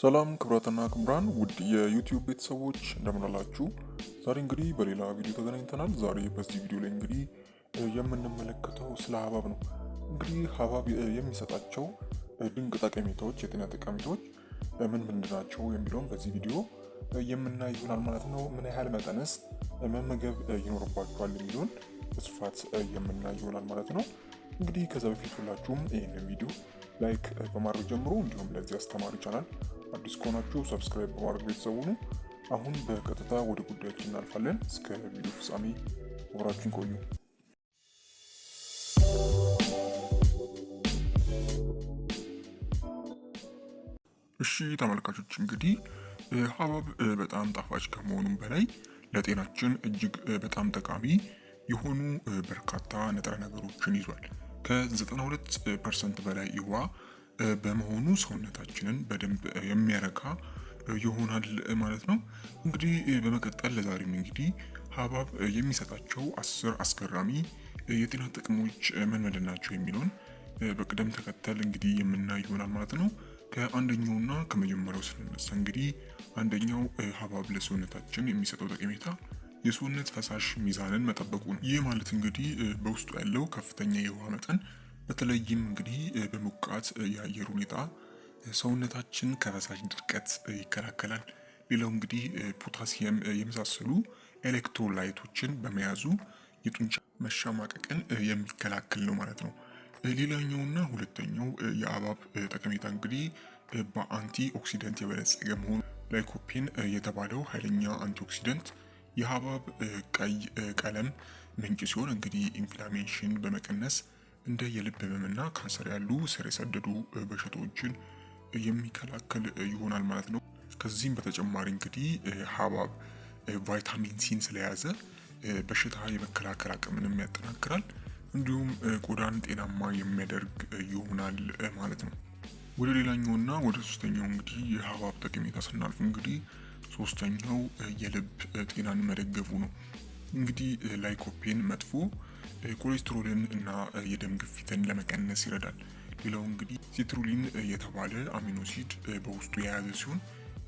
ሰላም ክብራትና ክብራን ውድ የዩቲዩብ ቤተሰቦች እንደምናላችሁ፣ ዛሬ እንግዲህ በሌላ ቪዲዮ ተገናኝተናል። ዛሬ በዚህ ቪዲዮ ላይ እንግዲህ የምንመለከተው ስለ ሀባብ ነው። እንግዲህ ሀባብ የሚሰጣቸው ድንቅ ጠቀሜታዎች፣ የጤና ጠቀሜታዎች ምን ምንድ ናቸው የሚለውም በዚህ ቪዲዮ የምናይ ይሆናል ማለት ነው። ምን ያህል መጠንስ መመገብ ይኖርባቸዋል የሚለውን በስፋት የምናይ ይሆናል ማለት ነው። እንግዲህ ከዛ በፊት ሁላችሁም ይህንን ቪዲዮ ላይክ በማድረግ ጀምሮ እንዲሁም ለዚህ አስተማሪ ቻናል አዲስ ከሆናችሁ ሰብስክራይብ በማድረግ ቤተሰቡ ነው። አሁን በቀጥታ ወደ ጉዳያችን እናልፋለን። እስከ ቪዲዮ ፍጻሜ አብራችን ቆዩ። እሺ ተመልካቾች እንግዲህ ሀባብ በጣም ጣፋጭ ከመሆኑም በላይ ለጤናችን እጅግ በጣም ጠቃሚ የሆኑ በርካታ ንጥረ ነገሮችን ይዟል። ከ92 ፐርሰንት በላይ ይዋ። በመሆኑ ሰውነታችንን በደንብ የሚያረካ ይሆናል ማለት ነው። እንግዲህ በመቀጠል ለዛሬም እንግዲህ ሀብሀብ የሚሰጣቸው አስር አስገራሚ የጤና ጥቅሞች ምን ምንድን ናቸው የሚለውን በቅደም ተከተል እንግዲህ የምናይ ይሆናል ማለት ነው። ከአንደኛውና ከመጀመሪያው ስንነሳ እንግዲህ አንደኛው ሀብሀብ ለሰውነታችን የሚሰጠው ጠቀሜታ የሰውነት ፈሳሽ ሚዛንን መጠበቁ ነው። ይህ ማለት እንግዲህ በውስጡ ያለው ከፍተኛ የውሃ መጠን በተለይም እንግዲህ በሞቃት የአየር ሁኔታ ሰውነታችን ከፈሳሽ ድርቀት ይከላከላል። ሌላው እንግዲህ ፖታሲየም የመሳሰሉ ኤሌክትሮላይቶችን በመያዙ የጡንቻ መሻማቀቅን የሚከላከል ነው ማለት ነው። ሌላኛውና ሁለተኛው የአባብ ጠቀሜታ እንግዲህ በአንቲ ኦክሲደንት የበለጸገ መሆኑ ላይኮፔን የተባለው ኃይለኛ አንቲኦክሲደንት የሀባብ ቀይ ቀለም ምንጭ ሲሆን እንግዲህ ኢንፍላሜሽን በመቀነስ እንደ የልብ ህመምና ካንሰር ያሉ ስር የሰደዱ በሽታዎችን የሚከላከል ይሆናል ማለት ነው። ከዚህም በተጨማሪ እንግዲህ ሀብሀብ ቫይታሚን ሲን ስለያዘ በሽታ የመከላከል አቅምንም ያጠናክራል፣ እንዲሁም ቆዳን ጤናማ የሚያደርግ ይሆናል ማለት ነው። ወደ ሌላኛውና ወደ ሶስተኛው እንግዲህ የሀብሀብ ጠቀሜታ ስናልፍ እንግዲህ ሶስተኛው የልብ ጤናን መደገፉ ነው። እንግዲህ ላይኮፔን መጥፎ ኮሌስትሮልን እና የደም ግፊትን ለመቀነስ ይረዳል። ሌላው እንግዲህ ሲትሩሊን የተባለ አሚኖሲድ በውስጡ የያዘ ሲሆን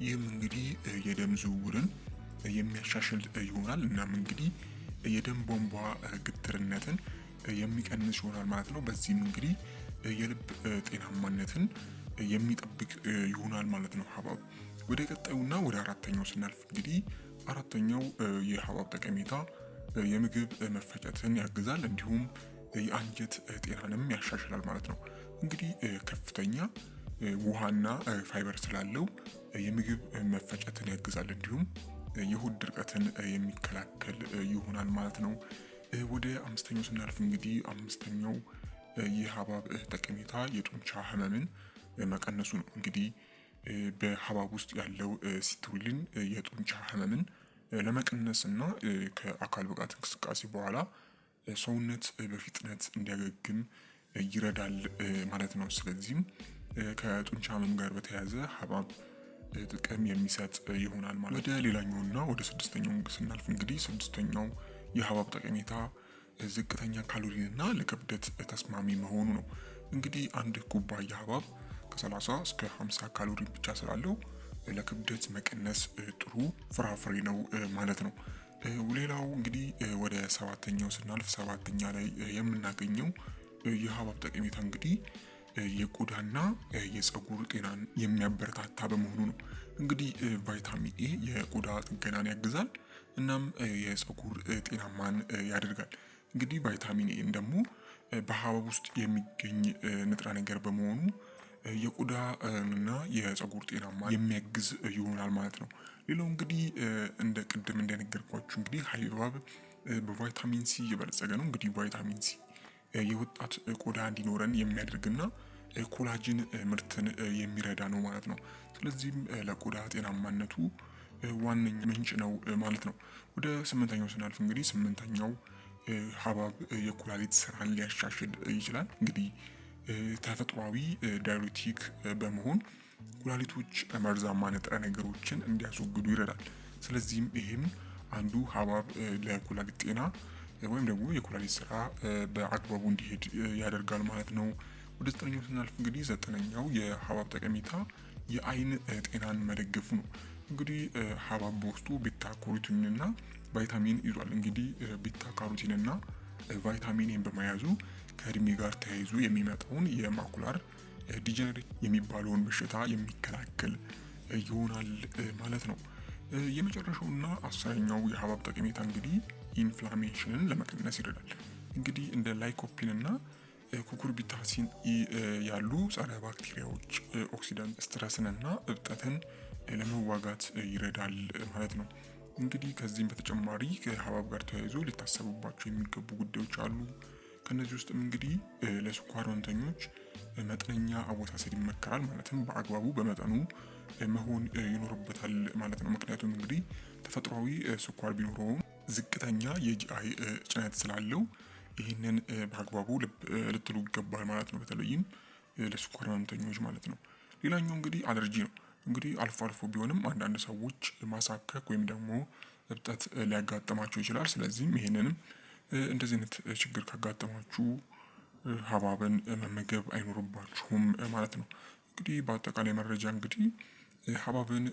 ይህም እንግዲህ የደም ዝውውርን የሚያሻሽል ይሆናል። እናም እንግዲህ የደም ቧንቧ ግትርነትን የሚቀንስ ይሆናል ማለት ነው። በዚህም እንግዲህ የልብ ጤናማነትን የሚጠብቅ ይሆናል ማለት ነው። ሀባብ ወደ ቀጣዩና ወደ አራተኛው ስናልፍ እንግዲህ አራተኛው የሀባብ ጠቀሜታ የምግብ መፈጨትን ያግዛል እንዲሁም የአንጀት ጤናንም ያሻሽላል ማለት ነው። እንግዲህ ከፍተኛ ውሃና ፋይበር ስላለው የምግብ መፈጨትን ያግዛል እንዲሁም የሆድ ድርቀትን የሚከላከል ይሆናል ማለት ነው። ወደ አምስተኛው ስናልፍ እንግዲህ አምስተኛው የሀባብ ጠቀሜታ የጡንቻ ህመምን መቀነሱ ነው። እንግዲህ በሀባብ ውስጥ ያለው ሲትሩሊን የጡንቻ ህመምን ለመቀነስና ከአካል ብቃት እንቅስቃሴ በኋላ ሰውነት በፍጥነት እንዲያገግም ይረዳል ማለት ነው። ስለዚህም ከጡንቻ ህመም ጋር በተያያዘ ሀብሀብ ጥቅም የሚሰጥ ይሆናል ማለት ነው። ወደ ሌላኛውና ወደ ስድስተኛው ስናልፍ እንግዲህ ስድስተኛው የሀብሀብ ጠቀሜታ ዝቅተኛ ካሎሪንና ለክብደት ተስማሚ መሆኑ ነው። እንግዲህ አንድ ኩባያ ሀብሀብ ከ30 እስከ 50 ካሎሪን ብቻ ስላለው ለክብደት መቀነስ ጥሩ ፍራፍሬ ነው ማለት ነው። ሌላው እንግዲህ ወደ ሰባተኛው ስናልፍ ሰባተኛ ላይ የምናገኘው የሀባብ ጠቀሜታ እንግዲህ የቆዳና የፀጉር ጤናን የሚያበረታታ በመሆኑ ነው። እንግዲህ ቫይታሚን ኤ የቆዳ ጥገናን ያግዛል፣ እናም የፀጉር ጤናማን ያደርጋል። እንግዲህ ቫይታሚን ኤን ደግሞ በሀባብ ውስጥ የሚገኝ ንጥረ ነገር በመሆኑ የቆዳ እና የፀጉር ጤናማ የሚያግዝ ይሆናል ማለት ነው። ሌላው እንግዲህ እንደ ቅድም እንደነገርኳችሁ እንግዲህ ሀይባብ በቫይታሚን ሲ የበለጸገ ነው። እንግዲህ ቫይታሚን ሲ የወጣት ቆዳ እንዲኖረን የሚያደርግና ኮላጅን ምርትን የሚረዳ ነው ማለት ነው። ስለዚህም ለቆዳ ጤናማነቱ ዋነኛ ምንጭ ነው ማለት ነው። ወደ ስምንተኛው ስናልፍ እንግዲህ ስምንተኛው ሀባብ የኩላሊት ስራን ሊያሻሽል ይችላል እንግዲህ ተፈጥሯዊ ዳይሬቲክ በመሆን ኩላሊቶች መርዛማ ንጥረ ነገሮችን እንዲያስወግዱ ይረዳል። ስለዚህም ይህም አንዱ ሀብሀብ ለኩላሊት ጤና ወይም ደግሞ የኩላሊት ስራ በአግባቡ እንዲሄድ ያደርጋል ማለት ነው። ወደ ዘጠነኛው ስናልፍ እንግዲህ ዘጠነኛው የሀብሀብ ጠቀሜታ የአይን ጤናን መደገፍ ነው። እንግዲህ ሀብሀብ በውስጡ ቤታ ካሮቲንና ቫይታሚን ይዟል። እንግዲህ ቤታ ካሮቲንና ቫይታሚንን በመያዙ ከእድሜ ጋር ተያይዞ የሚመጣውን የማኩላር ዲጀነሬት የሚባለውን በሽታ የሚከላከል ይሆናል ማለት ነው። የመጨረሻውና አስረኛው የሀባብ ጠቀሜታ እንግዲህ ኢንፍላሜሽንን ለመቀነስ ይረዳል። እንግዲህ እንደ ላይኮፒን እና ኩኩርቢታሲን ያሉ ጸረ ባክቴሪያዎች ኦክሲዳንት ስትረስንና እብጠትን ለመዋጋት ይረዳል ማለት ነው። እንግዲህ ከዚህም በተጨማሪ ከሀባብ ጋር ተያይዞ ሊታሰቡባቸው የሚገቡ ጉዳዮች አሉ። ከነዚህ ውስጥም እንግዲህ ለስኳር ወንተኞች መጠነኛ አወሳሰድ ይመከራል። ማለትም በአግባቡ በመጠኑ መሆን ይኖርበታል ማለት ነው። ምክንያቱም እንግዲህ ተፈጥሯዊ ስኳር ቢኖረውም ዝቅተኛ የጂአይ ጭነት ስላለው ይህንን በአግባቡ ልትሉ ይገባል ማለት ነው። በተለይም ለስኳር ህመምተኞች ማለት ነው። ሌላኛው እንግዲህ አለርጂ ነው። እንግዲህ አልፎ አልፎ ቢሆንም አንዳንድ ሰዎች ማሳከክ ወይም ደግሞ እብጠት ሊያጋጥማቸው ይችላል። ስለዚህም ይህንንም እንደዚህ አይነት ችግር ካጋጠማችሁ ሀብሀብን መመገብ አይኖርባችሁም ማለት ነው። እንግዲህ በአጠቃላይ መረጃ እንግዲህ ሀባብን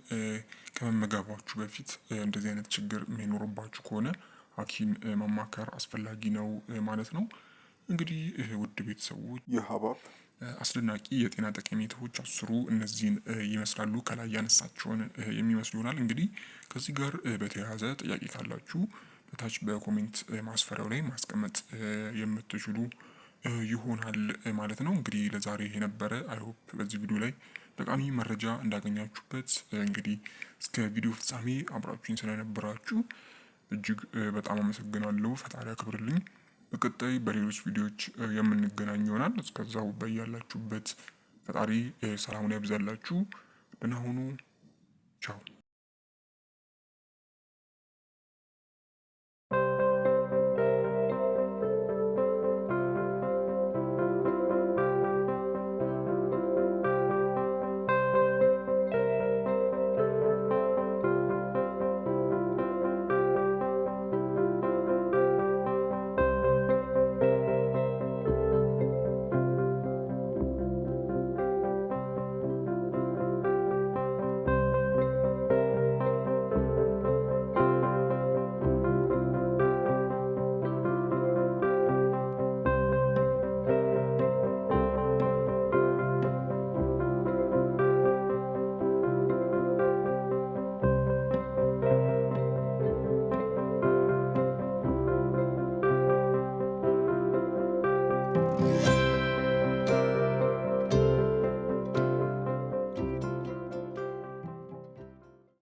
ከመመገባችሁ በፊት እንደዚህ አይነት ችግር የሚኖርባችሁ ከሆነ ሀኪም ማማከር አስፈላጊ ነው ማለት ነው። እንግዲህ ውድ ቤተሰቦች የሀባብ አስደናቂ የጤና ጠቀሜታዎች አስሩ እነዚህን ይመስላሉ። ከላይ ያነሳቸውን የሚመስሉ ይሆናል። እንግዲህ ከዚህ ጋር በተያያዘ ጥያቄ ካላችሁ በታች በኮሜንት ማስፈሪያው ላይ ማስቀመጥ የምትችሉ ይሆናል ማለት ነው። እንግዲህ ለዛሬ የነበረ አይሆፕ በዚህ ቪዲዮ ላይ ጠቃሚ መረጃ እንዳገኛችሁበት እንግዲህ እስከ ቪዲዮ ፍጻሜ አብራችሁኝ ስለነበራችሁ እጅግ በጣም አመሰግናለሁ። ፈጣሪ አክብርልኝ በቀጣይ በሌሎች ቪዲዮዎች የምንገናኝ ይሆናል። እስከዛው በያላችሁበት ፈጣሪ ሰላሙን ያብዛላችሁ። ደህና ሁኑ። ቻው